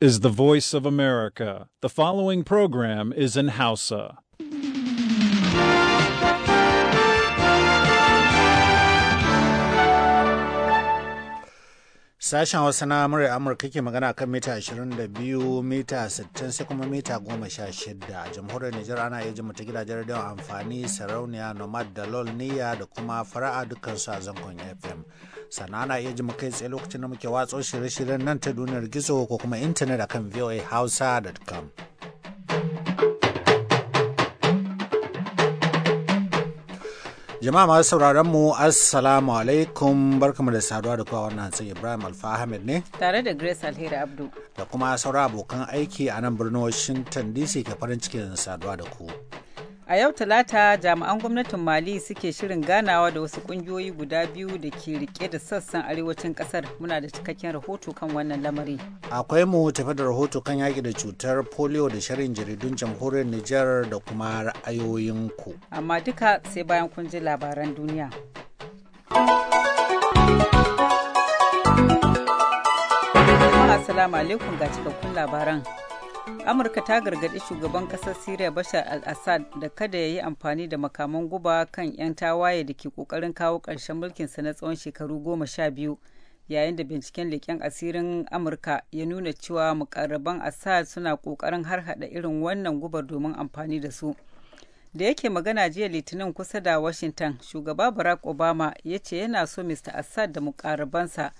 is the voice of America. The following program is in Hausa. Sashen Hausa na Amurka ke magana kan mita 22, mita 60 sai kuma mita 16 a jamhuriyar Nijar ana iya jima ta gidajen rediyon amfani sarauniya nomad da lol niya da kuma fara'a dukansu a zangon FM. sanana ya iya ji kai tsaye lokacin da muke watsa shirye-shiryen nan ta duniyar gizo ko kuma intanet akan voahausa.com. Jama'a masu sauraron mu Assalamu alaikum barkamu da saduwa da kowa wannan sai Ibrahim alfahamid ne tare da Grace Alheri Abdu da kuma sauran abokan aiki a nan birnin Washington DC ke farin cikin saduwa da ku. A yau Talata jami'an gwamnatin Mali suke shirin ganawa da wasu kungiyoyi guda biyu da ke rike da sassan arewacin kasar muna da cikakken rahoto kan wannan lamari. Akwai mu tafi da rahoto kan yaƙi da cutar polio da shirin jaridun jamhuriyar Nijar da kuma ra'ayoyinku. Amma duka sai bayan kun ji labaran duniya. Assalamu alaikum ga cikakkun labaran. amurka ta gargaɗi shugaban ƙasar syria bashar al-assad da kada ya yi amfani da makaman guba kan 'yan tawaye da ke ƙoƙarin kawo ƙarshen mulkinsa na tsawon shekaru goma sha biyu yayin da binciken leƙen asirin amurka ya nuna cewa mukarraban assad suna ƙoƙarin harhaɗa irin wannan gubar domin amfani da su da yake magana jiya litinin kusa da washington shugaba barack obama ya ce yana so mr assad da mukarrabansa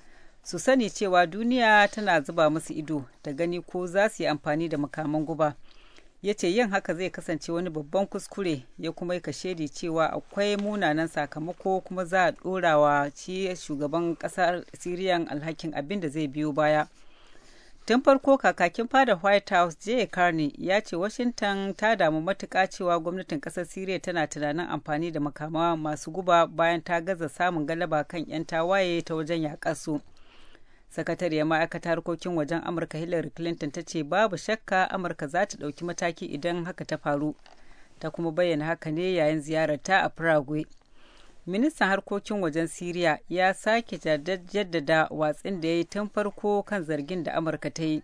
su sani cewa duniya tana zuba musu ido da gani ko za su yi amfani da makaman guba ya ce yin haka zai kasance wani babban kuskure ya kuma yi kashedi cewa akwai munanan sakamako kuma za a ɗorawa ci shugaban ƙasar siriyan alhakin abin da zai biyo baya tun farko kakakin fada white house jay carney ya ce washington ta damu matuka cewa gwamnatin kasar syria tana tunanin amfani da makama masu guba bayan ta gaza samun galaba kan 'yan tawaye ta wajen yaƙar su sakatariyar ma'aikatar harkokin wajen amurka hillary clinton ta ce babu shakka amurka za ta ɗauki mataki idan haka ta faru ta kuma bayyana haka ne yayin ziyararta a prague ministan harkokin wajen syria ya sake jaddada watsin da ya yi tun farko kan zargin da amurka ta yi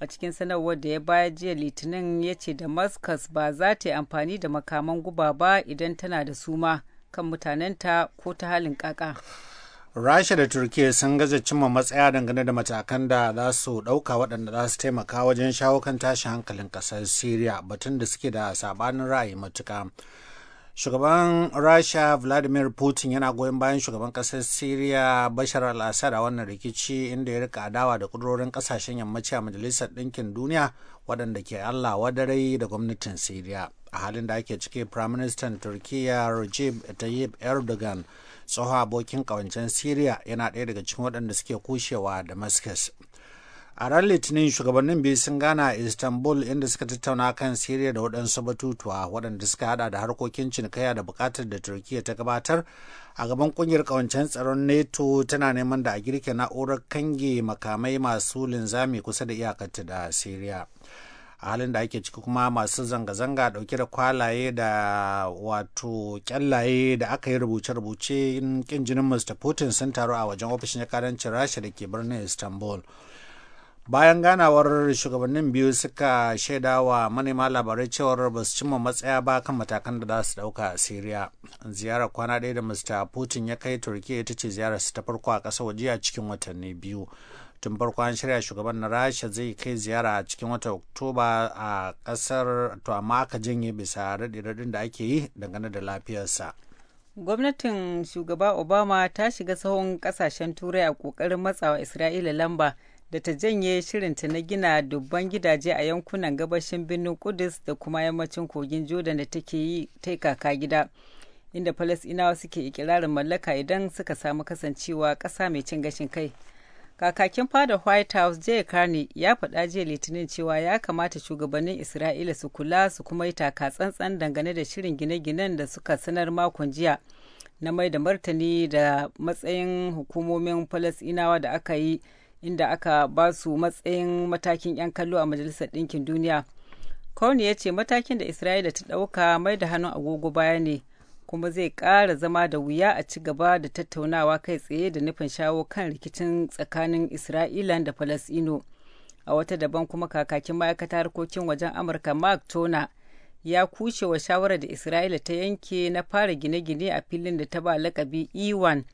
a cikin sanarwar da ya baya jiya litinin ya ce damascus ba za ta yi amfani da makaman guba ba idan tana da suma kan mutanenta ko ta halin kaka rasha da turkiya sun gaza cimma matsaya dangane da matakan da za su ɗauka waɗanda za su taimaka wajen shawo kan tashin hankalin ƙasar syria batun da suke da sabanin ra'ayi matuka shugaban rasha vladimir putin yana goyon bayan shugaban ƙasar syria bashar al-assad a wannan rikici inda ya rika adawa da kudurorin ƙasashen yammaci a majalisar ɗinkin duniya waɗanda ke allah wadarai da gwamnatin syria a halin da ake ciki firaministan Turkiyya recep tayyip erdogan tsohon abokin kawancen syria yana ɗaya daga cikin waɗanda suke kushewa damascus a ran litinin shugabannin biyu sun gana a istanbul inda suka tattauna kan siriya da waɗansu batutuwa waɗanda suka hada da harkokin cinikayya da buƙatar da turkiya ta gabatar a gaban ƙungiyar ƙawancen tsaron neto tana neman da a girke na'urar kange makamai masu linzami kusa da iyakarta da siriya a halin da ake ciki kuma masu zanga-zanga dauke da kwalaye da wato kyallaye da aka yi rubuce-rubuce kin jinin mr putin sun taru a wajen ofishin yakarancin rasha da ke birnin istanbul bayan ganawar shugabannin biyu suka shaida wa manema labarai cewar ba su cimma matsaya ba kan matakan da za su dauka a syria ziyarar kwana ɗaya da mr putin ya kai turkiya ita ce ziyararsa ta farko a ƙasa waje a cikin watanni biyu tun farko an shirya shugaban na rasha zai kai ziyara a cikin wata oktoba a kasar to amma aka janye bisa raɗe-raɗin da ake yi dangane da lafiyarsa gwamnatin shugaba obama ta shiga sahun kasashen turai a kokarin matsawa isra'ila lamba da ta janye shirinta na gina dubban gidaje a yankunan gabashin birnin kudus da kuma yammacin kogin jordan da take yi ta kaka gida inda falasɗinawa suke ikirarin mallaka idan suka samu kasancewa ƙasa mai cin gashin kai kakakin fada white house jay carney ya faɗa jiya litinin cewa ya kamata shugabannin isra'ila su kula su kuma yi taka tsantsan dangane da shirin gine-ginen da suka sanar makon jiya na mai da martani da matsayin hukumomin falasinawa da aka yi inda aka ba su matsayin matakin 'yan kallo a majalisar ɗinkin duniya Kony ya ce matakin da Isra'ila ta ɗauka mai da hannun agogo baya ne kuma zai kara zama da wuya a ci gaba da tattaunawa kai tsaye da nufin shawo kan rikicin tsakanin isra'ila da falasino a wata daban kuma kakakin ma'aikata harkokin wajen amurka mark tona ya kushe wa shawarar da isra'ila ta yanke na fara gine-gine a filin da ta ba lakabi iwan e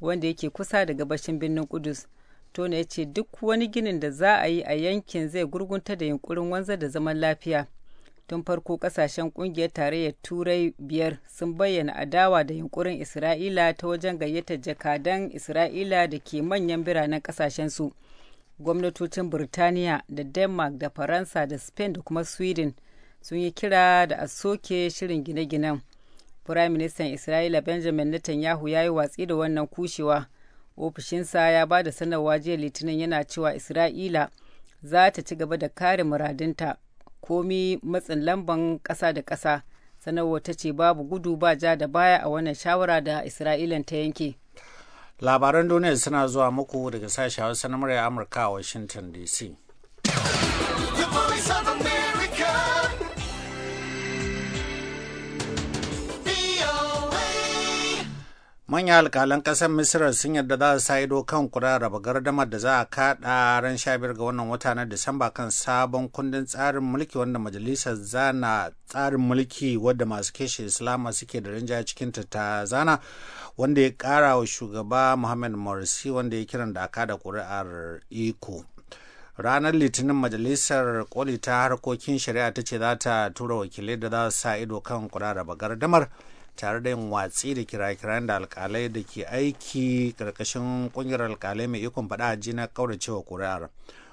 wanda yake kusa da gabashin birnin kudus tona ya ce duk wani ginin da za a yi a yankin zai gurgunta da yunkurin wanzar da zaman lafiya tun farko kasashen kungiyar tarayyar turai biyar sun bayyana adawa da yunkurin isra'ila ta wajen gayyata jakadan isra'ila da ke manyan biranen su gwamnatocin burtaniya da denmark da faransa da spain da kuma sweden sun yi kira da a soke shirin gine-ginen firaministan isra'ila benjamin netanyahu ya yi watsi da wannan kushewa ofishinsa ya ba da sanarwa jiya litinin yana cewa isra'ila za ta ci gaba da kare muradinta komi matsin lamban ƙasa da ƙasa sanarwa ta ce babu gudu ba ja da baya a wannan shawara da isra'ilan ta yanke labaran duniya suna zuwa muku daga sashen hausa na amurka a washington dc manyan alkalan ƙasar misira sun yarda za su sa ido kan raba gardamar da za a kaɗa ran sha biyar ga wannan wata na disamba kan sabon kundin tsarin mulki wanda majalisar zana tsarin mulki wadda masu keshe islama suke da rinjaya cikin ta zana wanda ya ƙara wa shugaba muhammad morsi wanda ya kiran da aka da ƙuri'ar iko ranar litinin majalisar koli ta harkokin shari'a ta ce za ta tura wakilai da za su sa ido kan raba gardamar tare da yin watsi da kira-kiran da alkalai da ke aiki karkashin kungiyar alkalai mai ikon faɗa a na kauracewa kuri'ar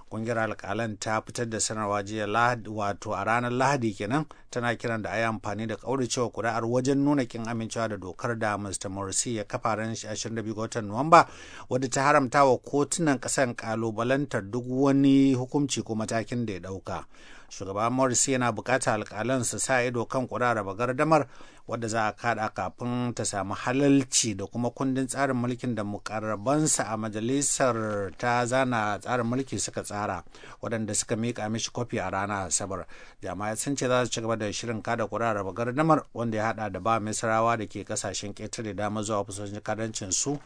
kungiyar alkalan ta fitar da sanarwa jiya wato a ranar lahadi kenan tana kiran da a yi amfani da kauracewa kuri'ar wajen nuna kin amincewa da dokar da mr morsi ya kafa ran 22 ga watan nuwamba wadda ta haramta wa kotunan kasan kalubalantar duk wani hukunci ko matakin da ya ɗauka. shugaban morrissey yana bukatar alkalan su sa ido kan kuraraba gardamar wadda za a kada kafin ta samu halalci da kuma kundin tsarin mulkin da mukarrabansa a majalisar ta zana tsarin mulki suka tsara waɗanda suka mika mishi kofi a rana asabar jama'a sun ce za su ci gaba da shirin kada kuraraba gardamar wanda ya hada da ba misrawa da ke kasashen ƙetare dama zuwa fusoshin kadancin su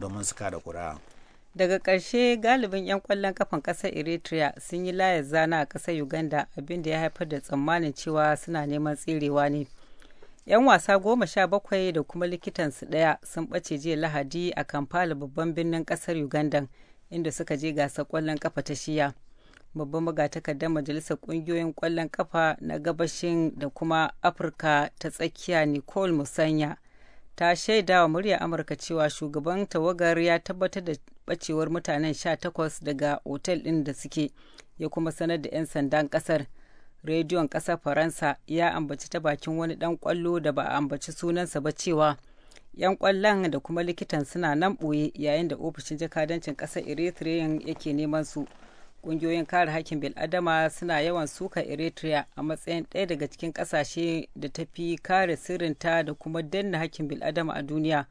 domin su kada kura. daga ƙarshe galibin 'yan ƙwallon kafan ƙasar eritrea sun yi layar zana a ƙasar uganda abinda ya haifar da tsammanin cewa suna neman tserewa ne 'yan wasa goma sha bakwai da kuma likitansu ɗaya sun ɓace jiya lahadi a kampala babban birnin ƙasar uganda inda suka je gasar ƙwallon kafa ta shiya babban magatakardar majalisar ƙungiyoyin ƙwallon kafa na gabashin da kuma afirka ta tsakiya nicole musanya ta shaidawa murya amurka cewa shugaban tawagar ya tabbatar da bacewar mutanen sha takwas daga otel ɗin da suke ya kuma sanar da 'yan sandan ƙasar rediyon ƙasar faransa ya ambaci ta bakin wani ɗan ƙwallo da ba a ambaci sunansa ba cewa 'yan ƙwallon da kuma likitan suna nan ɓoye yayin da ofishin jakadancin ƙasar eritrea yake neman su ƙungiyoyin kare hakkin bil'adama suna yawan suka eritrea a matsayin ɗaya daga cikin ƙasashe da tafi fi kare sirrinta da kuma danna hakkin bil'adama a duniya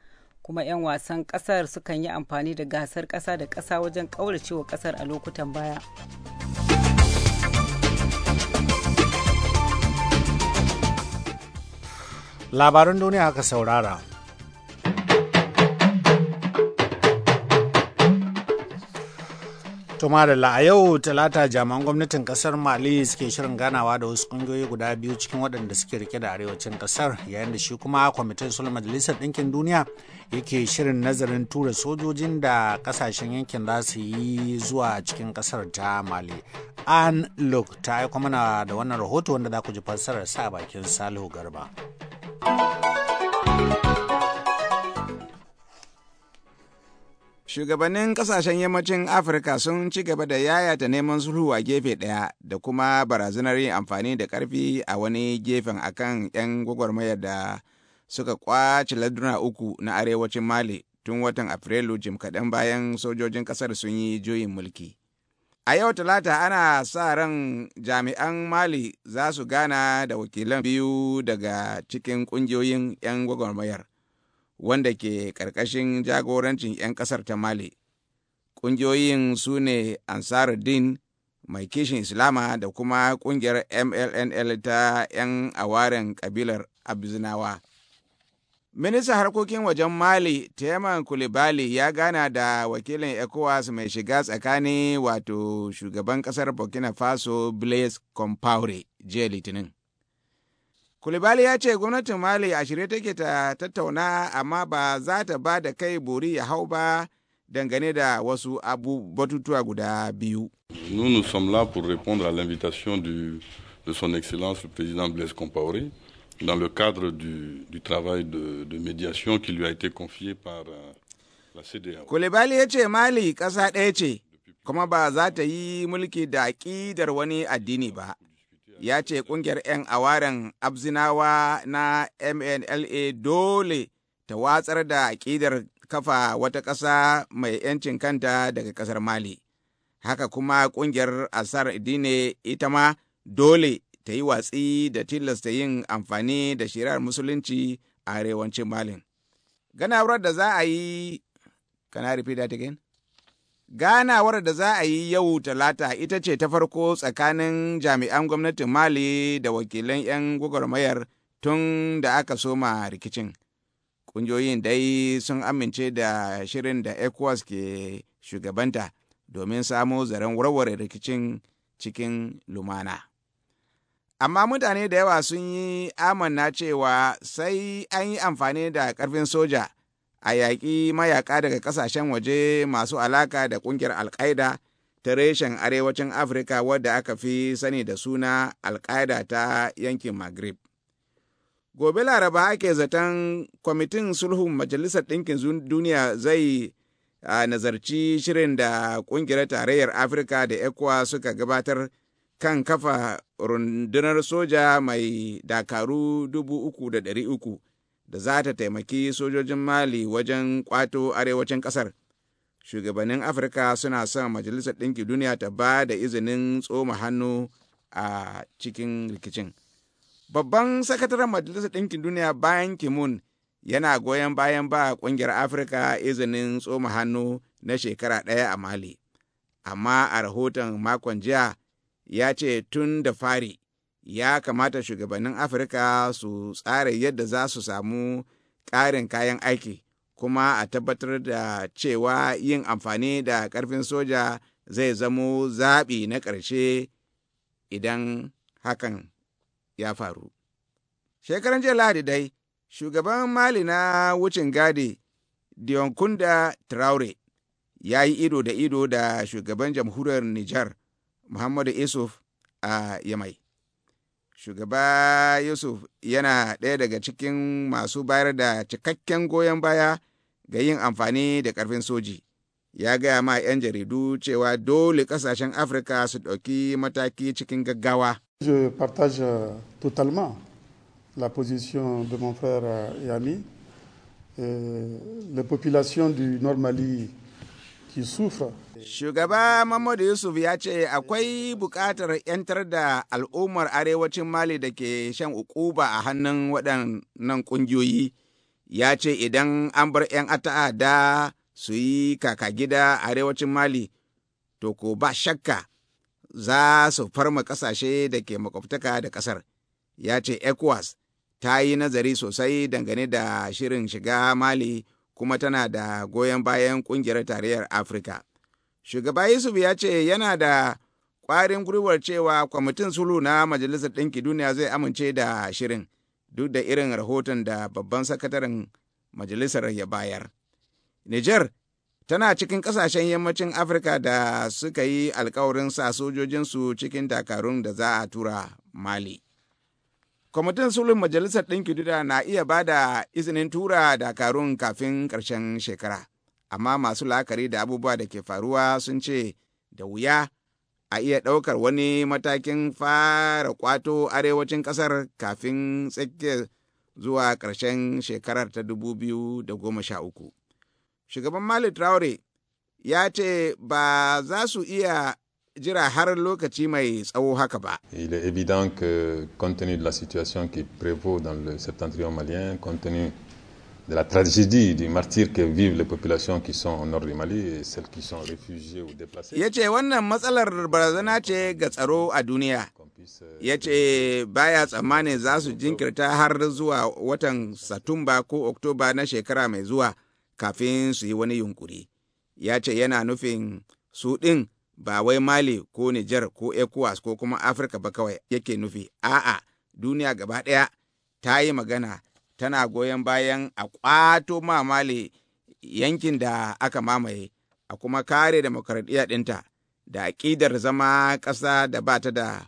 kuma 'yan wasan kasar sukan yi amfani da gasar kasa da kasa wajen kauracewa kasar a lokutan baya labaran duniya aka saurara To Madalla a yau talata jami'an gwamnatin kasar Mali suke shirin ganawa da wasu kungiyoyi guda biyu cikin waɗanda suke rike da arewacin kasar yayin da shi kuma kwamitin sulhu majalisar ɗinkin duniya yake shirin nazarin tura sojojin da kasashen yankin za su yi zuwa cikin kasar ta Mali. An Lok ta aiko mana da wannan rahoto wanda za ku ji fassarar sa bakin Salihu Garba. shugabannin kasashen yammacin afirka sun ci gaba da yayata neman sulhu a gefe ɗaya da kuma barazanar yin amfani da ƙarfi a wani gefen akan 'yan gwagwarmayar da suka kwace laduna uku na arewacin mali tun watan afrilu jim kaɗan bayan sojojin ƙasar sun yi juyin mulki a yau talata ana sa ran jami'an mali za su gana da wakilan biyu daga cikin ƙungiyoyin 'yan gwagwarmayar wanda ke ƙarƙashin jagorancin 'yan ƙasar ta Mali. Ƙungiyoyin su ne Ansaruddin mai kishin Islama da kuma ƙungiyar MLNL ta 'yan awaren ƙabilar Abizinawa. Ministan harkokin wajen Mali, Teman Kulibali ya gana da wakilin ECOWAS mai shiga tsakani wato shugaban ƙasar Burkina Faso Blaise Compaore jiya Litinin. kulibali ya ce gwamnatin mali a shirye take ta tattauna amma ba za ta ba da kai bori ya hau ba dangane da wasu abu batutuwa guda biyu nous nous sommes là pour répondre à l'invitation du de son excellence le président Blaise Compaoré dans le cadre du, du travail de, de médiation qui lui a été confié par euh, la CDA Kulibali ya ce Mali ƙasa ɗaya ce, kuma ba za ta yi mulki da aƙidar wani addini ba. ya ce ƙungiyar 'yan awaren abzinawa na mnla dole ta watsar da aƙidar kafa wata ƙasa mai 'yancin kanta daga ƙasar mali haka kuma ƙungiyar asar dine ita ma dole ta yi watsi da tilasta yin amfani da shirar musulunci a arewacin malin ganawar da za a yi kana repeat that again ganawar da za a yi yau talata ita ce ta farko tsakanin jami'an gwamnatin mali da wakilan 'yan gwagwarmayar tun da aka soma rikicin ƙungiyoyin dai sun amince da shirin da ecowas ke shugabanta domin samo zaren warware rikicin cikin lumana amma mutane da yawa sun yi amanna cewa sai an yi amfani da ƙarfin soja a yaƙi mayaƙa daga ƙasashen waje masu alaƙa da ƙungiyar alƙaida ta reshen arewacin afirka wadda aka fi sani da suna alƙaida ta yankin maghrib gobe laraba ake zaton kwamitin sulhun majalisar ɗinkin duniya zai a nazarci shirin da ƙungiyar tarayyar afirka da ecowa suka gabatar kan kafa rundunar soja mai dakaru dubu uku da ɗari uku da za ta taimaki sojojin mali wajen kwato arewacin ƙasar shugabannin afirka suna son majalisar ɗinki duniya ta ba da izinin tsoma hannu a cikin rikicin babban sakataren majalisar ɗinkin duniya bayan kimun yana goyon bayan ba ƙungiyar afirka izinin tsoma hannu na shekara ɗaya a mali amma a rahoton makon jiya ya ce tun da fari ya kamata shugabannin afirka su tsara yadda za su samu ƙarin kayan aiki kuma a tabbatar da cewa yin amfani da ƙarfin soja zai zamo zaɓi na ƙarshe idan hakan ya faru shekaran jiya lahadi dai shugaban mali na wucin gadi Dionkunda Traore ya yi ido da ido da shugaban jamhuriyar Nijar Muhammadu Isuf a Yamai. shugaba yusuf yana ɗaya daga cikin masu bayar da cikakken goyon baya ga yin amfani da ƙarfin soji ya gaya ma 'yan jaridu cewa dole ƙasashen afirka su ɗauki mataki cikin gaggawa euh, la position de mon frère et euh, ami. Euh, les populations du Nord Mali Shugaba Mamadu Yusuf ya ce akwai buƙatar 'yantar da al'ummar arewacin Mali da ke shan ukuba a hannun waɗannan ƙungiyoyi. Ya ce idan an bar 'yan ta'ada su yi kaka gida arewacin Mali, to ko ba shakka za su farma ƙasashe da ke makwabtaka da ƙasar. Ya ce ECOWAS ta yi nazari sosai dangane da shirin shiga Mali. kuma tana da goyon bayan kungiyar tarayyar afirka shugaba yusuf ya ce yana da kwarin gwiwar cewa kwamitin sulu na majalisar ɗinki duniya zai amince da shirin duk da irin rahoton da babban sakataren majalisar ya bayar nijar tana cikin ƙasashen yammacin afirka da suka yi alkawarin sa sojojinsu cikin dakarun da za a tura mali kwamitin sulhun majalisar ɗinki kiduda na iya ba da izinin tura dakarun kafin ƙarshen shekara amma masu la'akari da abubuwa da ke faruwa sun ce da wuya a iya ɗaukar wani matakin fara kwato arewacin ƙasar kafin tsakiyar zuwa ƙarshen shekarar ta da goma sha uku shugaban mali traore ya ce ba za su iya jira har lokaci mai tsawo haka ba. Il est évident que compte tenu de la situation qui prévaut dans le septentrion malien, compte tenu de la tragédie du martyr que vivent les populations qui sont au nord du Mali et celles qui sont réfugiées ou déplacées. Yace wannan matsalar barazana ce ga tsaro a duniya. Euh, Yace baya tsammanin za su jinkirta har zuwa watan Satumba ko Oktoba na shekara mai zuwa kafin su yi wani yunkuri. Yace yana nufin su ɗin ba wai Mali ko Nijar ko ECOWAS ko kuma Afirka ba kawai yake nufi, a'a duniya gaba ɗaya ta yi magana tana goyon bayan a ƙwato ma Mali yankin da aka mamaye, a kuma kare demokaradiyya ɗinta da aƙidar zama ƙasa da ba ta da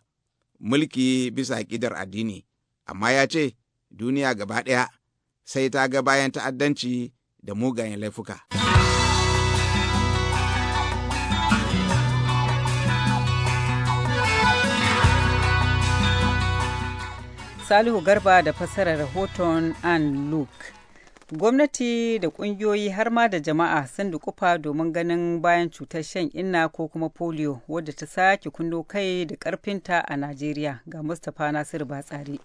mulki bisa aƙidar addini, amma ya ce duniya gaba ɗaya sai ta ga bayan ta'addanci da mugayen laifuka. Salihu Garba da fassarar rahoton an Luke. Gwamnati da ƙungiyoyi har ma da jama'a sun dukufa domin ganin bayan cutar shan inna ko kuma polio wadda ta sake kundo kai da karfinta a Najeriya ga Mustapha Nasiru Batsari.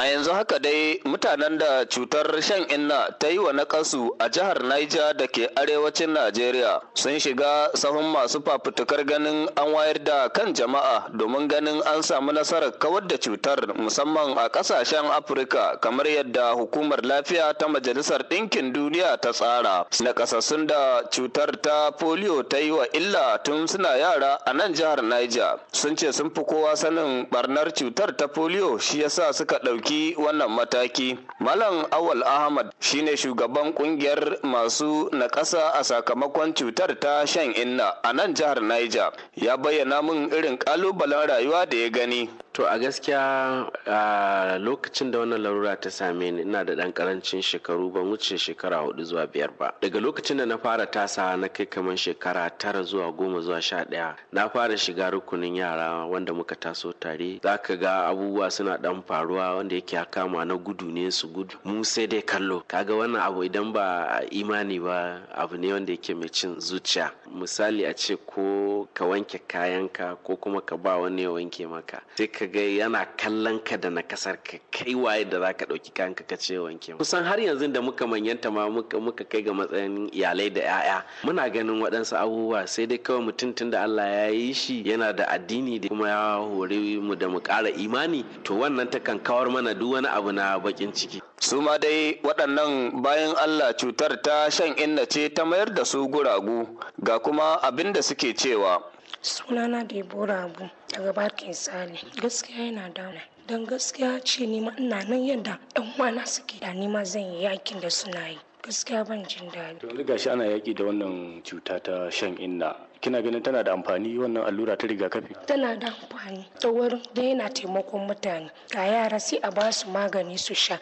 A yanzu haka dai mutanen da cutar shan inna ta yi wa nakasu a jihar Niger da ke arewacin Najeriya sun shiga sahun masu fafutukar ganin an wayar da kan jama'a domin ganin an samu nasarar kawar da cutar musamman a kasashen Afirka kamar yadda hukumar lafiya ta Majalisar Ɗinkin Duniya ta tsara. Nakasassun da cutar ta polio ta yi wa illa tun suna yara a nan jihar Niger sun ce sun fi kowa sanin barnar cutar ta polio shi yasa suka ɗauki ɗauki wannan mataki. Malam Awal Ahmad shine shugaban kungiyar masu naƙasa a sakamakon cutar ta shan inna a nan jihar Niger. Ya bayyana min irin ƙalubalen rayuwa da ya gani. To a gaskiya a lokacin da wannan larura ta same ni ina da ɗan ƙarancin shekaru ban wuce shekara hudu zuwa biyar ba. Daga lokacin da na fara tasa na kai kamar shekara tara zuwa goma zuwa sha ɗaya na fara shiga rukunin yara wanda muka taso tare za ka ga abubuwa suna ɗan faruwa wanda yake ya kama na gudu ne su gudu mu sai dai kallo kaga wannan abu idan ba imani ba abu ne wanda yake mai cin zuciya misali a ce ko ka wanke kayanka ko kuma ka ba wani ya wanke maka sai ka ga yana kallon ka da na kasar ka kai waye da zaka dauki kanka ka ce wanke kusan har yanzu da muka manyanta ma muka kai ga matsayin iyalai da yaya muna ganin waɗansu abubuwa sai dai kawai mutum tun da Allah ya yi shi yana da addini da kuma ya hore mu da mu ƙara imani to wannan ta kan kawar mana duk wani abu na bakin ciki su ma dai waɗannan bayan Allah cutar ta shan inna ce ta mayar da su guragu ga kuma abin da suke cewa Sunana Deborah Abu daga Barikin Sale. Gaskiya yana damuna. Don gaskiya ce nima ina nan yadda dan uwana suke da nima zan yi yakin da suna yi. Gaskiya ban jin daɗi. Yanzu gashi ana yaki da wannan cuta ta shan inna. Kina ganin tana da amfani wannan allura ta rigakafi? Tana da amfani ta wurin da yana taimakon mutane. Ga yara sai a ba su magani su sha.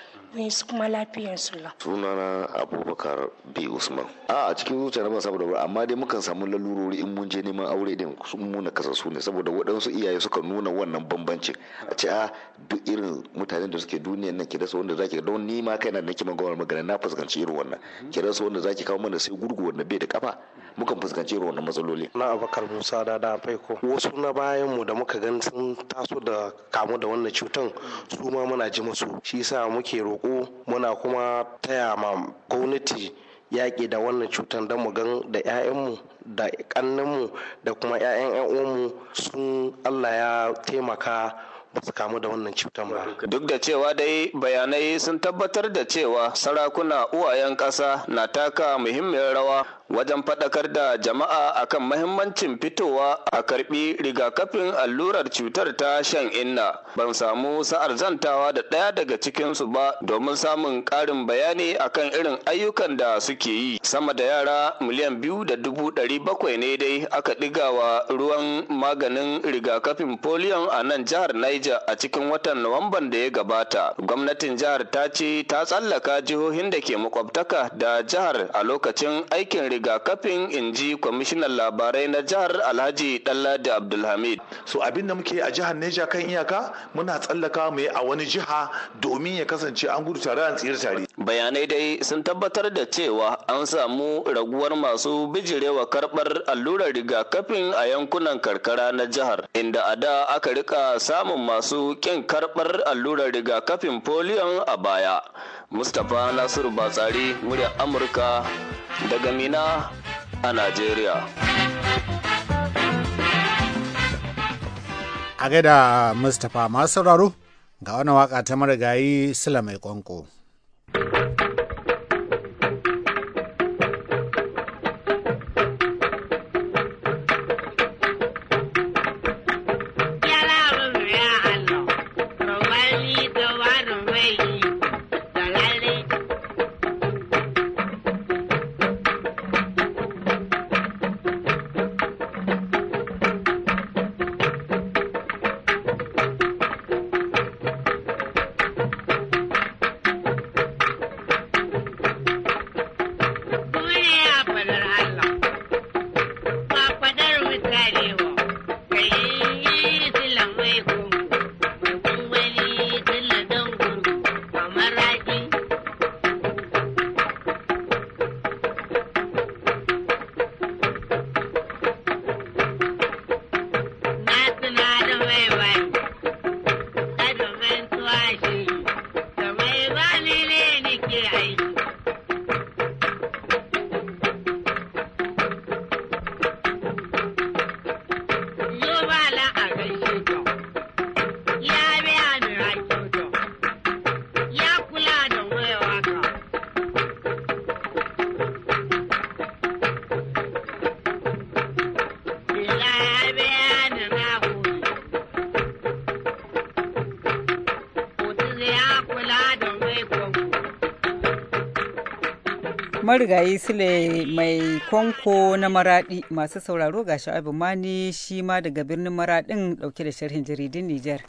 su kuma lafiyarsu la. sunana abubakar b usman a cikin zuciya na ban samu da amma dai mukan samu lalurori in mun je neman aure din sun muna kasa su ne saboda waɗansu iyaye suka nuna wannan bambancin a ce a ah, duk irin mutanen da suke duniya nan ke rasa wanda zaki don ni ma kaina nake magana magana na fuskanci irin wannan ke rasa wanda zaki kawo mana sai gurgu wanda bai da kafa muka fuskanci wannan matsaloli na abakar musa da da faiko wasu na bayan mu da muka gani sun taso da kamu da wannan cutan su ma muna ji musu shi yasa muke roƙo muna kuma taya ma gwamnati yaƙi da wannan cutan da mu gan da 'ya'yanmu da ƙannenmu da kuma 'ya'yan 'yan uwanmu sun allah ya taimaka su kamu da wannan cutar ba. Duk da cewa dai bayanai sun tabbatar da cewa sarakuna uwayen ƙasa na taka muhimmiyar rawa wajen faɗakar da jama'a akan mahimmancin fitowa a karɓi rigakafin allurar cutar ta shan inna ban samu sa'ar zantawa da ɗaya daga cikinsu ba domin samun ƙarin bayani akan irin ayyukan da suke yi sama da yara miliyan biyu da dubu ɗari bakwai ne dai aka ɗigawa ruwan maganin rigakafin polion a nan jihar Niger. a cikin watan Nuwamban da ya gabata. Gwamnatin jihar ta ce ta tsallaka jihohin da ke makwabtaka da jihar a lokacin aikin rigakafin inji kwamishinan labarai na jihar Alhaji Danladi Abdulhamid. So abin da muke a jihar Neja kan iyaka muna tsallaka mu a wani jiha domin ya kasance an gudu tare an tsira tare. Bayanai dai sun tabbatar da cewa an samu raguwar masu bijirewa karɓar allurar rigakafin a yankunan karkara na jihar inda a da aka rika samun masu masu ƙin karɓar allurar rigakafin foliyon a baya. Mustapha Nasiru Batsari muryar Amurka daga Mina a Najeriya. A gaida Mustapha masu sauraro ga wani waka ta marigayi Sula mai kwanko. marigayi sile mai kwanko na maradi masu sauraro ga sha'abu mani shi ma daga birnin maradin dauke da sharhin jaridun nijar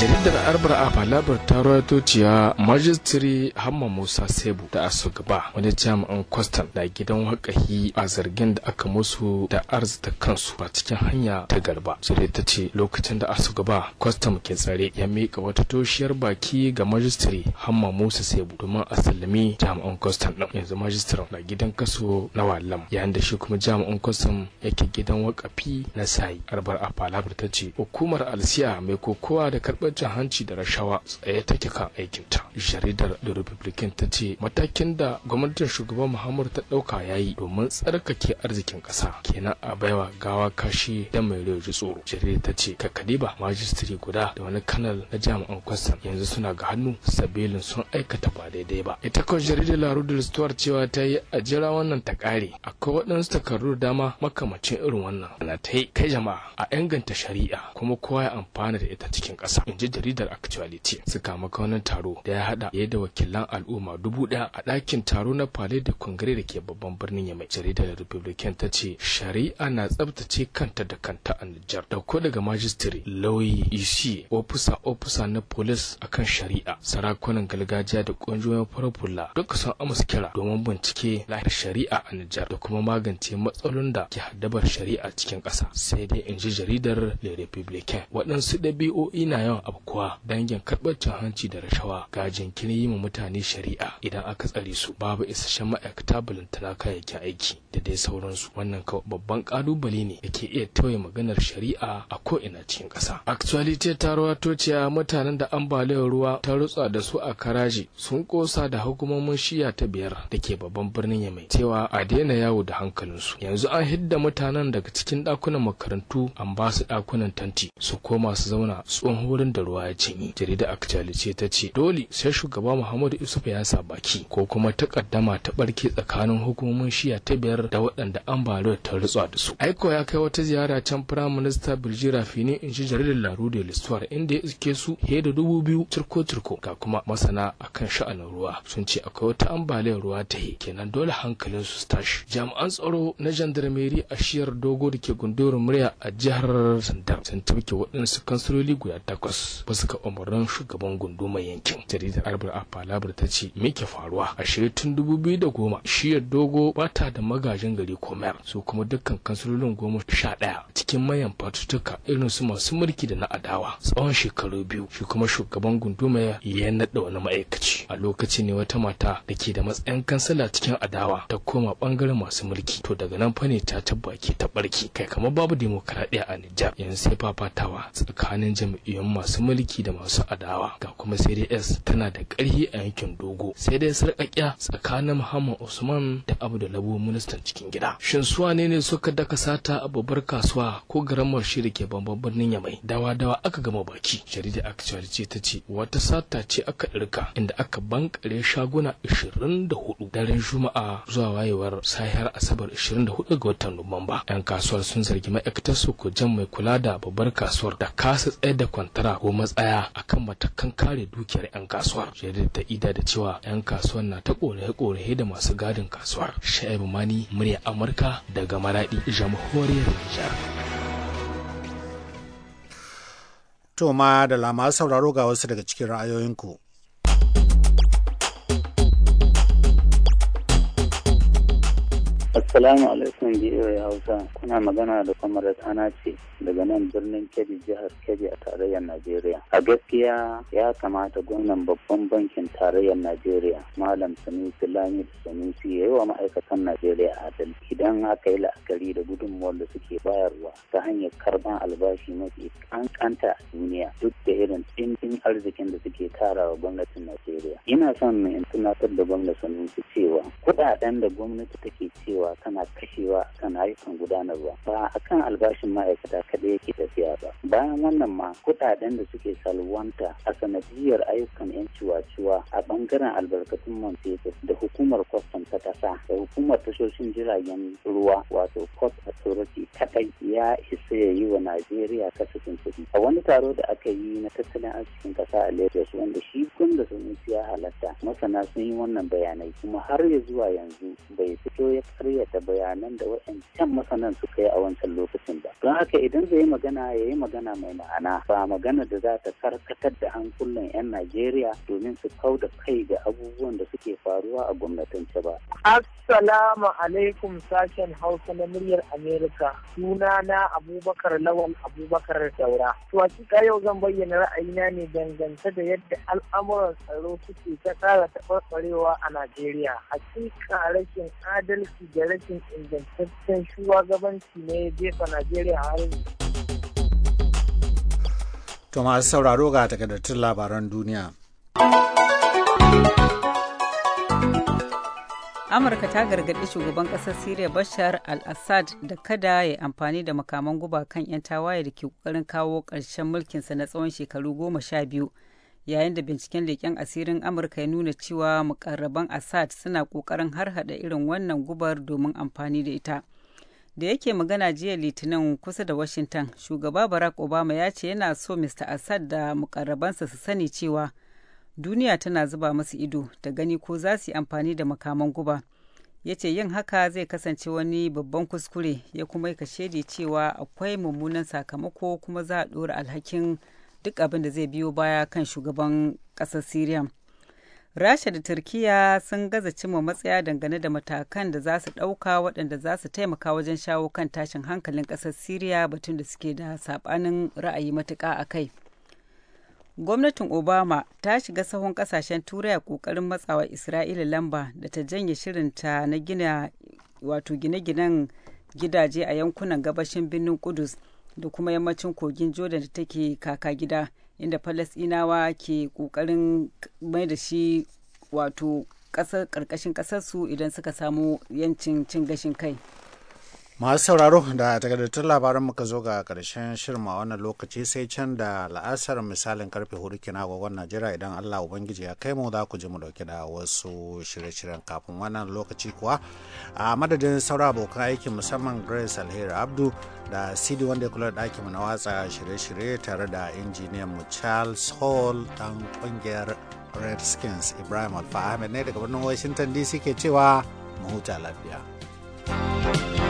jaridar arbar a labar ta rawaito cewa majistri hamma musa sebu da asugaba wani jami'an kwastam na gidan wakahi a zargin da aka musu da arzita kansu ba cikin hanya ta garba jaridar ta ce lokacin da asugaba kwastam ke tsare ya mika wata toshiyar baki ga majistri hamma musa sebu domin a sallami jami'an kwastan ɗin yanzu majistiran na gidan kaso na wallam yayin da shi kuma jami'an kwastam yake gidan wakafi na sayi arbar afa labar ta ce hukumar alsiya mai kokowa da karɓar hukumar hanci da rashawa tsaye take kan aikinta jaridar da republican ta ce matakin da gwamnatin shugaban muhammadu ta dauka ya yi domin tsarkake arzikin kasa. kenan a baiwa gawa kashi da mai rauji tsoro jaridar ta ce kakadiba majistri guda da wani kanal na jami'an kwastam yanzu suna ga hannu sabilin sun aikata ba daidai ba ita kan jaridar larudar stuart cewa ta yi a jira wannan ta kare akwai waɗansu takardu dama makamacin irin wannan na ta yi kai jama'a a inganta shari'a kuma kowa ya amfana da ita cikin ƙasa in ji jaridar actuality suka maka wani taro da ya hada da wakilan al'umma dubu daya a ɗakin taro na pale de congrès da ke babban birnin yamai jaridar republican ta ce shari'a na tsabtace kanta da kanta a nijar ko daga majistare lauyi isi ofisa ofisa na polis akan shari'a sarakunan gargajiya da ƙungiyoyin farfula duka sun amsa kira domin bincike lafiyar shari'a a nijar da kuma magance matsalolin da ke haddabar shari'a cikin ƙasa sai dai in ji jaridar le republican waɗansu ɗabi'o'i na yawan yawan afkuwa dangin karɓar hanci da rashawa ga jinkirin yi mutane shari'a idan aka tsare su babu isasshen ma'aikata balantana kayayyakin aiki da dai sauransu wannan kawai babban kalubale ne da ke iya tauye maganar shari'a a ko'ina cikin ƙasa. actuality ta rawato cewa mutanen da ambaliyar ruwa ta rutsa da su a karaji sun kosa da hukumomin shiya ta biyar da ke babban birnin yamai cewa a daina yawo da hankalinsu yanzu an hidda mutanen daga cikin ɗakunan makarantu an ba su ɗakunan tanti su koma su zauna tsohon wurin da ruwa ya cinye jaridar ce ta ce dole sai shugaba muhammadu yusuf ya sa baki ko kuma ta kaddama ta barke tsakanin hukumomin shiya ta biyar da waɗanda ambaliyar ta rutsa da su aiko ya kai wata ziyara can firayim minista bilji rafini in ji jaridar da listuwar inda ya iske su fiye da dubu biyu cirko-cirko. ga kuma masana a kan sha'anin ruwa sun ce akwai wata ambaliyar ruwa ta yi kenan dole hankalin su tashi jami'an tsaro na jandarmeri a shiyar dogo da ke gundurin murya a jihar sandar sun tabke waɗansu kansuloli guda takwas ba suka umarnin shugaban gundumar yankin. Jaridar a Afalabar ta ce me ke faruwa a tun dubu biyu da goma shiyar dogo ba ta da magajin gari Komer su kuma dukkan kansilolin goma sha ɗaya cikin mayan fatutuka irin su masu mulki da na adawa tsawon shekaru biyu shi kuma shugaban gunduma ya naɗa wani ma'aikaci a lokaci ne wata mata da ke da matsayin kansala cikin adawa ta koma bangaren masu mulki to daga nan fa ne ta tabbaki ta barki kai kamar babu demokaradiyya a Nijar yanzu sai fafatawa tsakanin jam'iyyun masu masu mulki da masu adawa ga kuma cds tana da ƙarfi a yankin dogo sai dai sarƙaƙiya tsakanin muhammad usman da abu ministan cikin gida shin su wane ne suka daka sata a babbar kasuwa ko garin Marshi da ke bambam birnin yamai dawa dawa aka gama baki jarida actual ce ta ce wata sata ce aka ɗirka inda aka bankare shaguna 24 daren juma'a zuwa wayewar sahiyar asabar 24 ga watan nuwamba yan kasuwar sun zargi ma'aikatar su jan mai kula da babbar kasuwar da kasa tsaye da kwantara ko matsaya akan matakan kare dukiyar 'yan kasuwa shaidar ta ida da cewa 'yan kasuwar na ta korahe-korahe da masu gadin kasuwar sha'ibu mani murya amurka daga maradi jamhuriyar nijar to ma da lama sauraro ga wasu daga cikin ra'ayoyinku Assalamu alaikum BOA Hausa kuna magana da da tsana ce daga nan birnin Kebbi jihar Kebbi a tarayyar Najeriya. A gaskiya ya kamata gwamnan babban bankin tarayyar Najeriya Malam Sanusi Lami da Sanusi ya yi wa ma'aikatan Najeriya adal idan aka yi la'akari da gudunmuwar da suke bayarwa ta hanyar karban albashi mafi kankanta a duniya duk da irin dindin arzikin da suke tarawa gwamnatin Najeriya. Ina son in tunatar da gwamnatin Sanusi cewa kuɗaɗen da gwamnati take cewa tana kashewa kan ayyukan gudanarwa ba a kan albashin ma'aikata kaɗai yake tafiya ba bayan wannan ma kuɗaɗen da suke salwanta a sanadiyar ayyukan 'yan ciwa-ciwa a ɓangaren albarkatun man fetur da hukumar kwastam ta ƙasa da hukumar tashoshin jiragen ruwa wato port authority kaɗai ya isa ya yi wa najeriya kasafin kuɗi a wani taro da aka yi na tattalin arzikin ƙasa a lagos wanda shi gwamna sunusi ya halatta masana sun yi wannan bayanai kuma har ya zuwa yanzu bai fito ya karya da bayanan da wa'ancan masanan suka yi a wancan lokacin ba don haka idan zai yi magana ya yi magana mai ma'ana ba magana da za ta karkatar da hankulan 'yan najeriya domin su kau da kai ga abubuwan da suke faruwa a gwamnatance ba assalamu alaikum sashen hausa na muryar amerika suna na abubakar lawal abubakar daura to cika yau zan bayyana ra'ayina ne dangance da yadda al'amuran tsaro suke ta kara taɓarɓarewa a najeriya A cika, rashin adalci da rashin rashin ingantaccen shugabanci ne ya jefa Najeriya harin. To masu sauraro ga takardattun labaran duniya. amurka ta gargaɗi shugaban ƙasar syria bashar al-assad da kada ya amfani da makaman guba kan 'yan tawaye da ke ƙoƙarin kawo ƙarshen mulkinsa na tsawon shekaru goma sha biyu yayin da binciken leƙen asirin amurka ya nuna cewa mukarraban assad suna ƙoƙarin harhaɗa irin wannan gubar domin amfani da ita da yake magana jiya litinin kusa da washington shugaba barack obama ya ce yana so mr assad da mukarrabansa su sani cewa duniya tana zuba masu ido ta gani ko za su yi amfani da makaman guba ya ce yin haka zai kasance wani babban kuskure ya kuma yi kashedi cewa akwai mummunan sakamako kuma za a ɗora alhakin duk abin da zai biyo baya kan shugaban ƙasar syria rasha da turkiya sun gaza cimma matsaya dangane da matakan da za su ɗauka waɗanda za su taimaka wajen shawo kan tashin hankalin ƙasar syria batun da suke da saɓanin ra'ayi matuƙa a kai gwamnatin obama ta shiga sahun ƙasashen turai a ƙoƙarin matsawa isra'ila lamba da ta janye shirinta na gina wato gine-ginen gidaje a yankunan gabashin birnin kudus da kuma yammacin kogin jordan da take kaka gida inda falasinawa ke kokarin mai da shi wato ƙarƙashin ƙasarsu idan suka samu yancin cin gashin kai masu sauraro da takardattun labaran muka zo ga karshen shirma wannan lokaci sai can da la'asar misalin karfe hudu kina agogon najeriya idan allah ubangiji ya kai mu za ku ji mu dauke da wasu shirye-shiryen kafin wannan lokaci kuwa a madadin sauran abokan aiki musamman grace alheri abdu da cd wanda ya kula da ɗakin na watsa shirye-shirye tare da injiniyan mu charles hall dan kungiyar redskins ibrahim alfa ahmed ne daga birnin washington dc ke cewa mu huta lafiya thank you